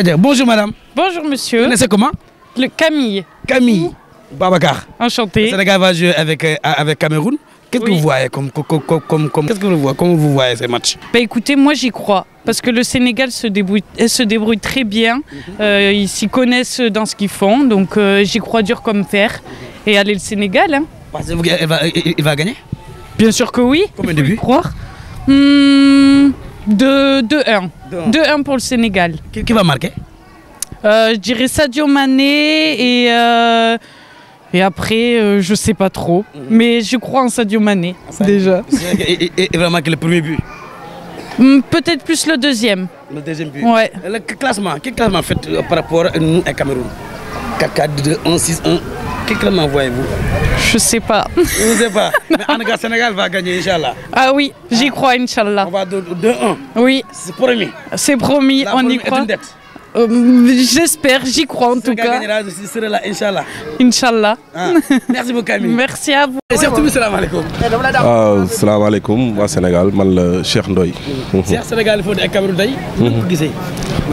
Adja bonjour madame. bonjour monsieur. vous connaissez comment. le Camille. Camille Babacar. enchanté le Sénégal va jouer avec euh, avec Cameroun. Qu'est-ce oui. que vous voyez comme, comme, comme, comme qu'est-ce que vous voyez comment vous voyez ces matchs Bah écoutez, moi j'y crois parce que le Sénégal se débrouille, euh, se débrouille très bien. Mhm. Euh, ils s'y connaissent dans ce qu'ils font, donc euh, j'y crois dur comme fer. Et allez le Sénégal. Hein. Pensez-vous qu'il va, il va gagner Bien sûr que oui. Combien de buts Croire. Hum... 2-1. 2-1 pour le Sénégal. Qui, qui va marquer euh, Je dirais Sadio Mané et, euh, et après, euh, je ne sais pas trop. Mm -hmm. Mais je crois en Sadio Mané, ah, déjà. Et, et, et va marquer le premier but hmm, Peut-être plus le deuxième. Le deuxième but Ouais. Euh, le classement, quel classement faites euh, par rapport à nous, à Cameroun 4-4-2, 1-6-1, quel classement voyez-vous Je sais pas. Je sais pas. Mais en tout cas, Sénégal va gagner, Inch'Allah. Ah oui, j'y crois, Inch'Allah. On va de 2-1. Oui. C'est promis. on y croit. Euh, j'espère, j'y crois en tout cas. Inch'Allah. Inch'Allah. Ah. Merci à vous. Et surtout, salam Sénégal, mal le Ndoy. Cheikh Sénégal, il faut des Cameroun d'ailleurs. Mhm.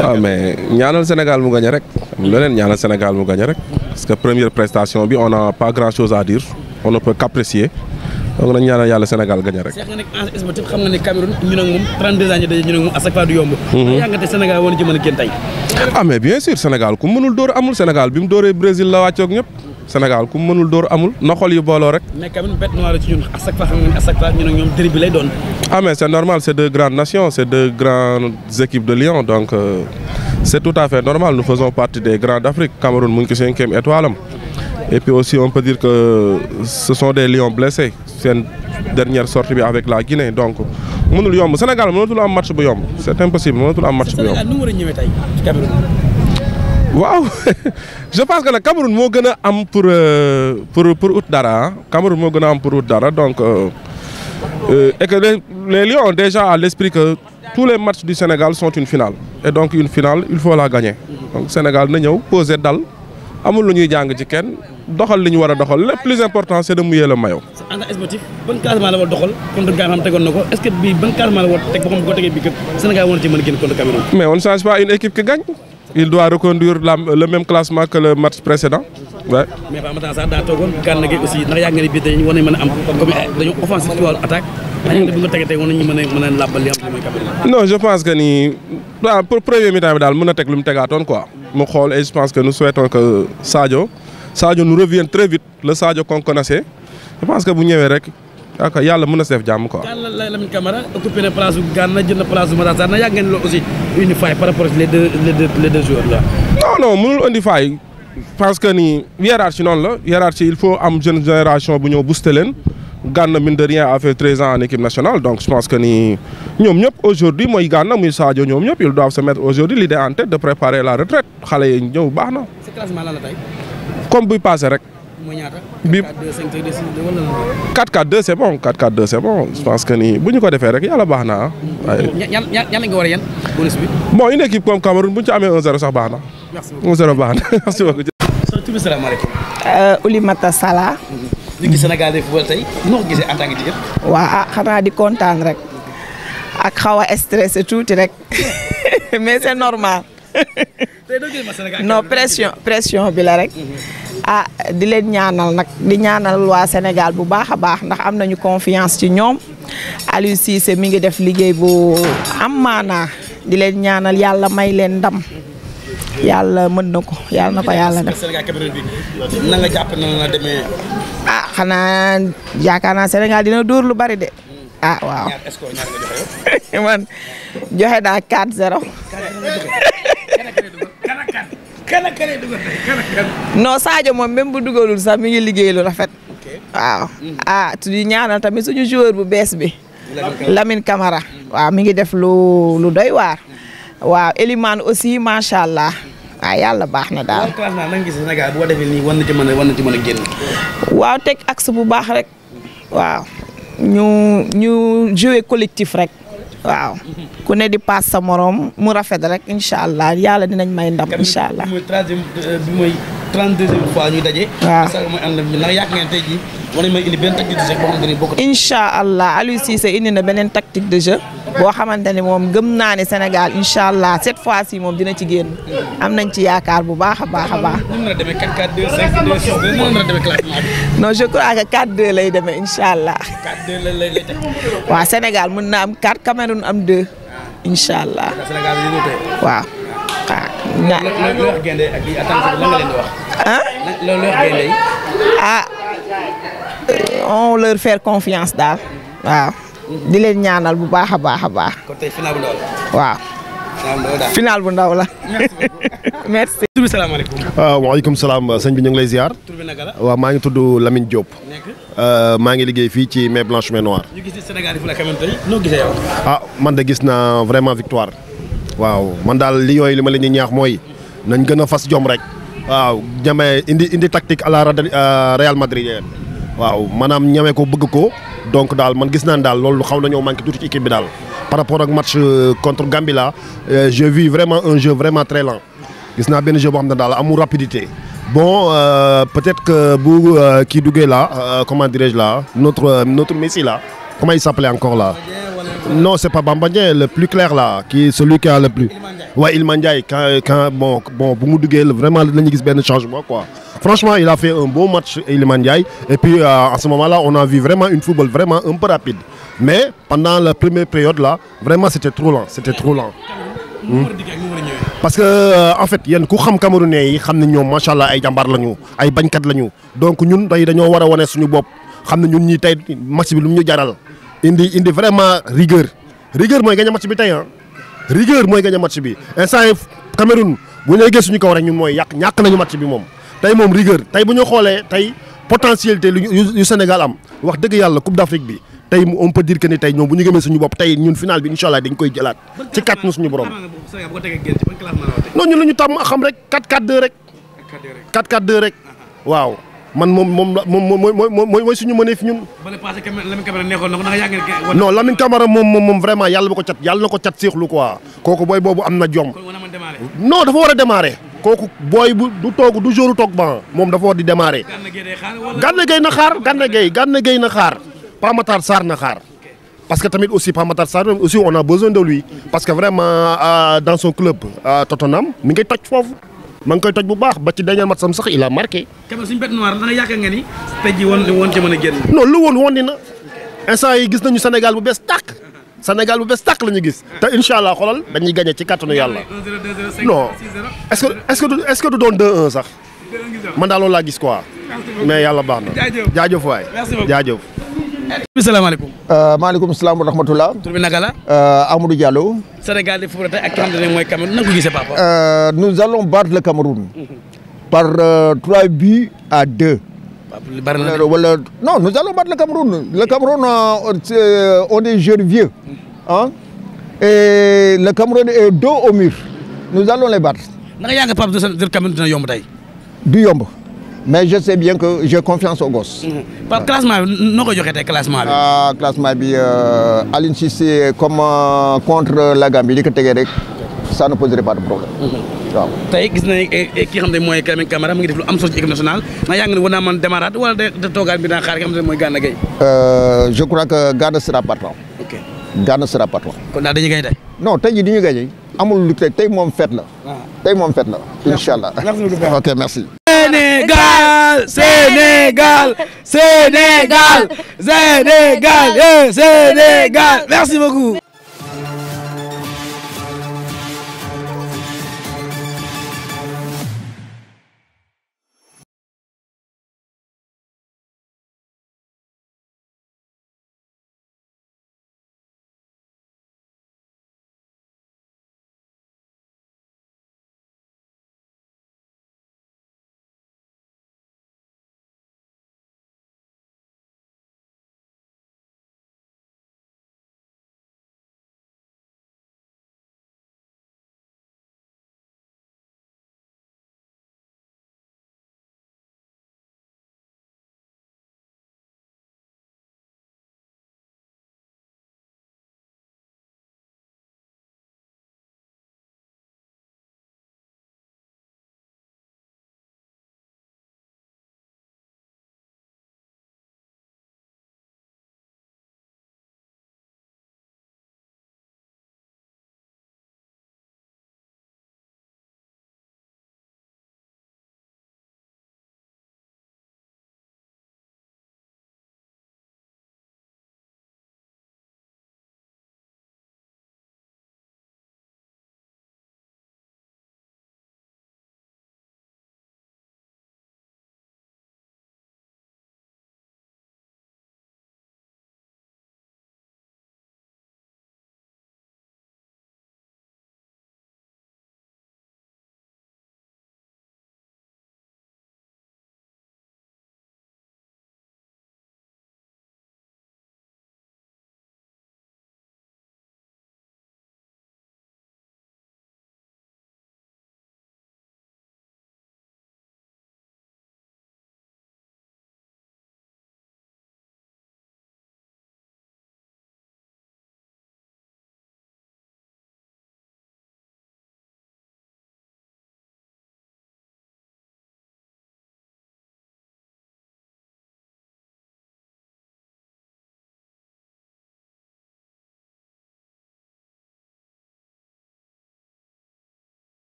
Ah, mais, ñaanal Sénégal mu gagné rek. Sénégal mu gagné rek. parce que première prestation bi on a pas grand chose à dire on ne peut qu'apprécier donc nañu ñaanal yàlla Sénégal gagné rek. Cheikh nga nekk en sportif xam nga ne Cameroun ñun ak moom 32 ans ñu daje ñun ak moom mhm. a génn tey. ah mais ku mënul dóor amul Sénégal bi na xol yi booloo rek. ne à bi lay doon. ah mais c'est normal c'est deux grandes nations c'est deux grandes donc. Euh, c'est tout à fait normal nous faisons partie des grands d'Afrique Cameroun mu ngi ci cinquième étoile puis aussi on peut dire que ce sont des lions blessés seen dernière sortie bi avec la Guinée donc mënul yomb Sénégal mënatul am match bu yomb c'est impossible mënatul am match bu yomb. waaw je pense que nag Cameroun moo gën a am pour euh, pour pour ut dara Cameroun moo gën a am pour ut dara donc euh, euh et déjà à l'esprit que. tous les matchs du Sénégal sont une finale et donc une finale il faut la gagner Sénégal na ñëw poser dal amul lu ñuy jàng ci kenn doxal li ñu doxal le plus important c'est de mouiller le maillot. en tant que sportif ban doxal contre Ghana na ko war a teg ba xam bu ko tegee bii kat Sénégal war na mën génn contre Cameroun. mais on ne une équipe qui gagne. il doit reconduire la le classement que le match précédent. oui. non je pense que ni waaw pour premier mi-temps bi daal mën na teg lu mu tegaatoon quoi. mu xool et je pense que nous souhaitons que Sadio Sadio nous revienne très vite le Sadio qu'on connaissait je pense que bu ñëwee rek ak yàlla mën na seef jàmm quoi. na place bu Gana jël na place bu Matar Sarr na yàgg ngeen loo aussi unifié non mënul indi faay parce que ni hiérarchie noonu la hiérarchie il faut am jeune génération bu ñëw booster leen. Gana mine de rien a fait 13 ans en équipe nationale donc je pense que ni ñoom ñëpp aujourd'hui mooy Gana muy Sadio ñoom ñëpp ils doivent se mettre aujourd'hui l'idée en tête de préparer la retraite xale yi ñëw baax na. comme buy passé rek. mooy ñaata. bi c'est bon 4 4 2 c'est bon je pense que ni bu ñu ko defee rek yàlla baax na ah. ñan ñan nga war a yan bonus bi. bon une équipe comme Cameroun bu ñu ci amee 1 ñu ngi Sénégal football tey noo ko ah, xanaa di kontaan rek ak xaw a stressé tuuti rek mais c'est normal. non pression pression bi la rek. ah di leen ñaanal nag di ñaanal waa Sénégal bu baax a baax ndax am nañu confiance ci ñoom Aliou Cissé mi ngi def liggéey bu am maanaa di leen ñaanal yàlla may leen ndam. yàlla mën na ko yàlla na ko yàlla def. na nga ah xanaa yaakaar naa Sénégal dina dóor lu bari de. ah waaw man joxe naa 4-0. non Sadio moom même bu dugalul sax mi ngi liggéey lu rafet. waaw mm-hmm. ah tuuti ñaanal tamit suñu joueur bu bees bi. Lamine kamara waaw mi ngi def lu lu doy waar. Mm-hmm. waaw Elimane aussi macha allah. waaw yàlla baax na daal. waaw teg axe bu baax rek. waaw ñu ñu jouer collectif rek. waaw ku ne di paas sa morom mu rafet rek incha allah yàlla dinañ may ndam incha allah. bi mooy troisième euh, bi mooy trente-deuxième fois ñuy daje. waaw incha allah Aliou Cissé indi na beneen tactique de jeu. boo xamante ne moom gëm naa ne Sénégal incha allah cette fois ci moom dina ci génn. am nañ ci yaakaar bu baax a baax a baax. non je lay deme incha allah. 4-2 lay lay waaw Sénégal mën na am 4 Cameroun am 2. allah waaw. ah on leur faire confiance daal di leen ñaanal bu baax a baax a baax. kon tey la. waaw. final bu ndaw la. merci. tur ah, waaw salaam sëñ bi ñu ngi lay ziar. tur bi maa ngi tudd Lamine Diop. Ah, maa ngi liggéey fii ci mais blanche mais noir. ah man de gis naa vraiment victoire. waaw man daal li yooyu li ma leen di ñaax mooy. nañ gën a fas jom rek. waaw ñamee indi indi tactique à la euh, Real Madrid waaw maanaam ñeme ko bëgg ko donc daal man gis naan daal loolu xaw nañoo manqué tuuti ci équipe bi daal par rapport ak match euh, contre Gambie là euh, j'ai vu vraiment un jeu vraiment très lent gis naa benn jeu boo xam ne daal amul rapidité bon euh, peut-être que bu kii duggee là comment dirais-je là notre notre Messi là comment il s'appelait encore là Non, c'est pas Bambadien, le plus clair là, qui celui qui a le plus. Ouais, Ilman Ndiaye, quand, quand, bon, bon, Boumoudougel, vraiment, il a un changement quoi. Franchement, il a fait un beau match, Ilman Et puis, euh, à moment-là, on a vu vraiment une football vraiment un peu rapide. Mais pendant la première période là, vraiment, c'était trop lent. C'était trop lent. Hmm. parce que euh, en fait yéen ku xam camerounais yi xam ne ñoom macha allah ay jàmbaar lañu ay bañkat lañu donc ñun tey dañoo war a wane suñu bopp xam ne ñun ñi tey match bi lu mu ñu jaral. indi indi vraiment rigueur rigueur mooy gañ a match bi tey ah rigueur mooy gañ a match bi instant yi Cameroun bu ñu eggee suñu kaw rek ñun mooy yàq ñàkk nañu match bi moom tey moom rigueur tey bu ñu xoolee tey potentialité yu Sénégal am wax dëgg yàlla Coupe d'Afrique bi tey on peut dire que ni tey ñoom bu ñu gëmee suñu bopp tey ñun final bi incha allah dañ koy jëlaat ci kàttanu suñu borom non ñun la ñu tàmm xam rek 4 4 2 rek 4 4 rek ah ah. waaw man moom moom moom mooy mooy suñu mëneef ñun. bële paase Lamine Camara neexoon na ko ndax yaa ngi. non Lamine Camara moom moom vraiment yàlla na ko cat yàlla na ko cat seexlu quoi. kooku booy boobu am na jom. non dafa war a démarrer. kooku booy bu du toog du jour toog ban moom dafa war di démarrer. Gana Gueye na xaar Gana Gueye Gana Gueye na xaar. Pape Matar Sarr na xaar. parce que tamit aussi Pape Matar saar aussi on a besoin de lui. parce que vraiment euh, dans son club euh, Tottenham mi ngay toj foofu. ma koy toj bu baax ba ci dernier match sam sax il a marqué. keroog suñu bête noire dana yaakaar nga ni tey jii woon woon ci mën lu woon woon na instant yi gis nañu Sénégal bu bees tàq. Sénégal bu bees tàq la ñu gis. te incha allah xoolal dañuy gagné ci kàttanu yàlla. non est ce que est ce que est du doon 2-1 sax. man daal loolu laa gis quoi. mais yàlla baax na. jaajëf waay jaajëf. salaamaaleykum. Euh, maaleykum salaam wa rahmatulah. tur bi naka la. Euh, Amadou Diallo. Sénégal di fubal ak ki nga xam ne mooy Cameroun nan ko gisee papa. Euh, nous allons battre le Cameroun. Mhm. par trois buts à deux. wala non nous allons battre le Cameroun le Cameroun on est jeunes vieux. ah et le Cameroun est dos au mur. nous allons les battre. naka yaa ngi Pape Cameroun dina yomb tey. du yomb. mais je sais bien que j'ai confiance aux gosses. Mhm. par classement bi noo ko joxe tey classement bi. ah classement bi euh, Aliou Cissé comme euh, contre la li ko tegee rek ça ne poserait pas de problème. Mhm. waaw gis nañu eh, eh, ne mooy mu ngi def lu am solo ci équipe nationale ndax yaa ngi ne war naa mën démarrage wala da toogaat bi daan xaar ki xam ne mooy Gana Gueye. Euh, je crois que Gana sera partant. ok kon daal dañuy gañ tey. non tey jii du ñu gañ lu tey tey moom fête la. Ah. tey moom fête ok Sénégal Sénégal Sénégal Sénégal Sénégal merci beaucoup